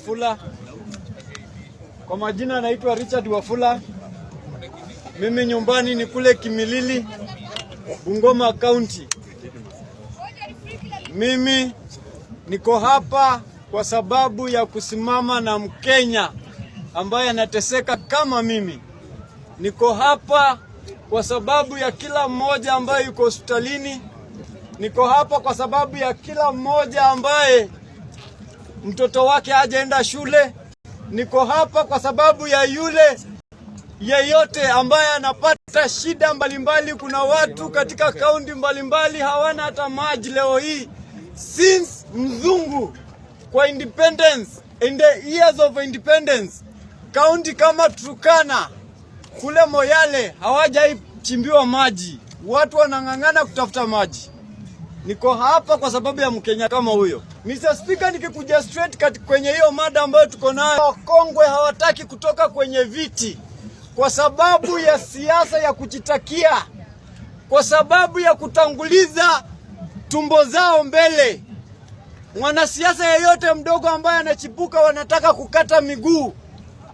Wafula. Kwa majina naitwa Richard Wafula. Mimi nyumbani ni kule Kimilili, Bungoma County. Mimi niko hapa kwa sababu ya kusimama na Mkenya ambaye anateseka kama mimi. Niko hapa kwa sababu ya kila mmoja ambaye yuko hospitalini. Niko hapa kwa sababu ya kila mmoja ambaye mtoto wake ajaenda shule. Niko hapa kwa sababu ya yule yeyote ambaye anapata shida mbalimbali mbali. Kuna watu katika kaunti mbalimbali hawana hata maji leo hii since mzungu kwa independence in the years of independence, kaunti kama Turkana kule Moyale hawajaichimbiwa maji, watu wanang'ang'ana kutafuta maji. Niko hapa kwa sababu ya Mkenya kama huyo. Mr. Speaker, nikikuja straight kwenye hiyo mada ambayo tuko nayo, wakongwe hawataki kutoka kwenye viti kwa sababu ya siasa ya kujitakia, kwa sababu ya kutanguliza tumbo zao mbele. Mwanasiasa yeyote mdogo ambaye anachipuka, wanataka kukata miguu,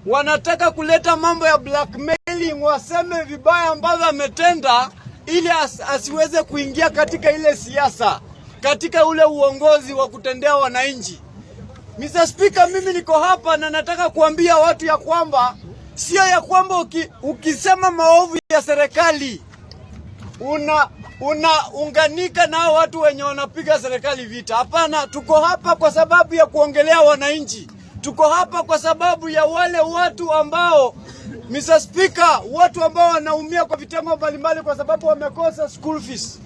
wanataka kuleta mambo ya blackmailing, waseme vibaya ambavyo ametenda ili as, asiweze kuingia katika ile siasa, katika ule uongozi wa kutendea wananchi. Mr. Speaker, mimi niko hapa na nataka kuambia watu ya kwamba sio ya kwamba uki, ukisema maovu ya serikali una unaunganika na watu wenye wanapiga serikali vita. Hapana, tuko hapa kwa sababu ya kuongelea wananchi. Tuko hapa kwa sababu ya wale watu ambao Mr. Speaker, watu ambao wanaumia kwa vitengo mbalimbali kwa sababu wamekosa school fees.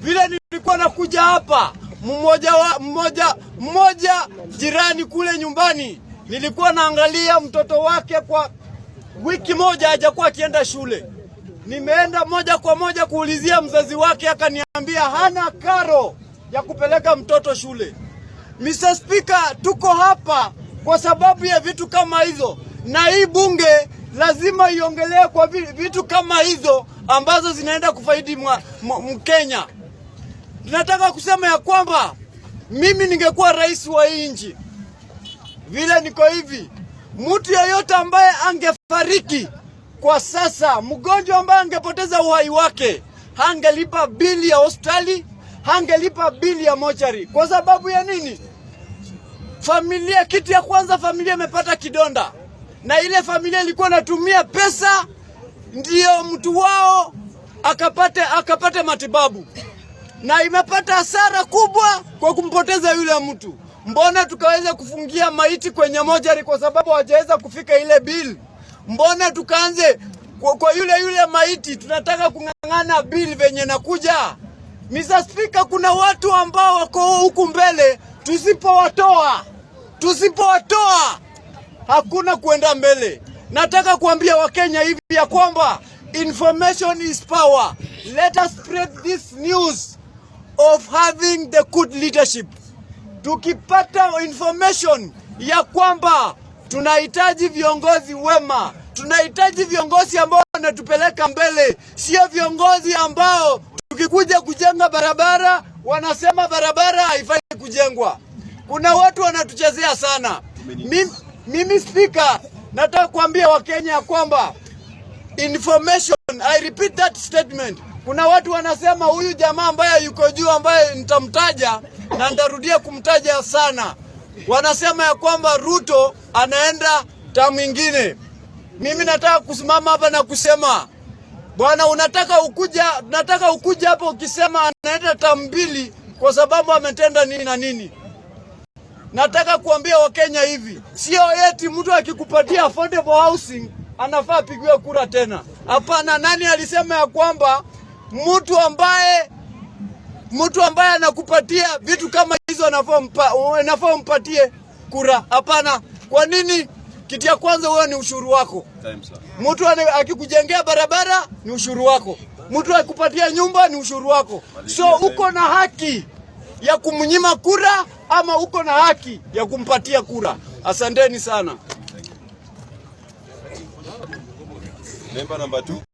Vile nilikuwa nakuja hapa mmoja, wa, mmoja, mmoja jirani kule nyumbani nilikuwa naangalia mtoto wake kwa wiki moja hajakuwa akienda shule. Nimeenda moja kwa moja kuulizia mzazi wake, akaniambia hana karo ya kupeleka mtoto shule. Mr. Speaker, tuko hapa kwa sababu ya vitu kama hizo, na hii bunge lazima iongelee kwa vitu kama hizo ambazo zinaenda kufaidi Mkenya. Tunataka kusema ya kwamba mimi ningekuwa rais wa hii nchi, vile niko hivi, mtu yeyote ambaye angefariki kwa sasa, mgonjwa ambaye angepoteza uhai wake, hangelipa bili ya hospitali, hangelipa bili ya mochari. Kwa sababu ya nini? Familia, kitu ya kwanza, familia imepata kidonda na ile familia ilikuwa natumia pesa ndiyo mtu wao akapate, akapate matibabu na imepata hasara kubwa kwa kumpoteza yule mtu. Mbona tukaweza kufungia maiti kwenye mojari kwa sababu hawajaweza kufika ile bill? Mbona tukaanze kwa, kwa yule yule maiti tunataka kung'ang'ana bill venye nakuja. Mr. Speaker, kuna watu ambao wako huku mbele, tusipowatoa tusipowatoa hakuna kuenda mbele. Nataka kuambia Wakenya hivi ya kwamba information is power. Let us spread this news of having the good leadership. Tukipata information ya kwamba tunahitaji viongozi wema, tunahitaji viongozi ambao wanatupeleka mbele, sio viongozi ambao tukikuja kujenga barabara wanasema barabara haifai kujengwa. Kuna watu wanatuchezea sana. Mimi mimi Spika, nataka kuambia Wakenya ya kwamba information, I repeat that statement. Kuna watu wanasema huyu jamaa ambaye yuko juu ambaye nitamtaja na nitarudia kumtaja sana, wanasema ya kwamba Ruto anaenda tamu ingine. Mimi nataka kusimama hapa na kusema bwana, unataka ukuja, nataka ukuja hapa ukisema anaenda tamu mbili kwa sababu ametenda nini na nini. Nataka kuambia Wakenya hivi, sio eti mtu akikupatia affordable housing anafaa apigiwe kura tena. Hapana, nani alisema ya kwamba mtu ambaye mtu ambaye anakupatia vitu kama hizo anafaa mpa, anafaa mpatie kura? Hapana. Kwa nini? Kitu ya kwanza wewe ni ushuru wako. Mtu akikujengea barabara ni ushuru wako. Mtu akupatia nyumba ni ushuru wako. So uko na haki ya kumnyima kura ama uko na haki ya kumpatia kura. Asanteni sana. Memba namba 2.